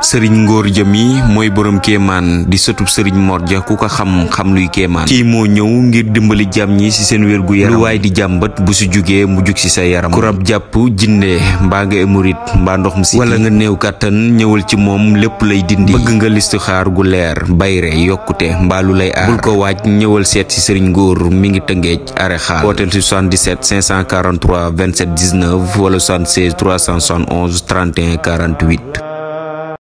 sëriñ ngóor jami mooy borom kéemaan di sëtub sëriñ Mor Ja ku ko xam xam luy kéemaan kii moo ñëw ngir dimbali jàmm ñi ci seen wér gu yaram lu waaye di jàmbat bu si jógee mu jug ci sa yaram ku rab jàpp jinde mbaa nga émurit mbaa ndox mu si wala nga néew kàttan ñëwal ci moom lépp lay dindi bëgg nga xaar gu leer bayre yokkute mbaa lu lay aar bul ko ñëwal seet ci ngóor mi ngi tëngeej are xaal hôtel 77 543 27 19 wala 76 371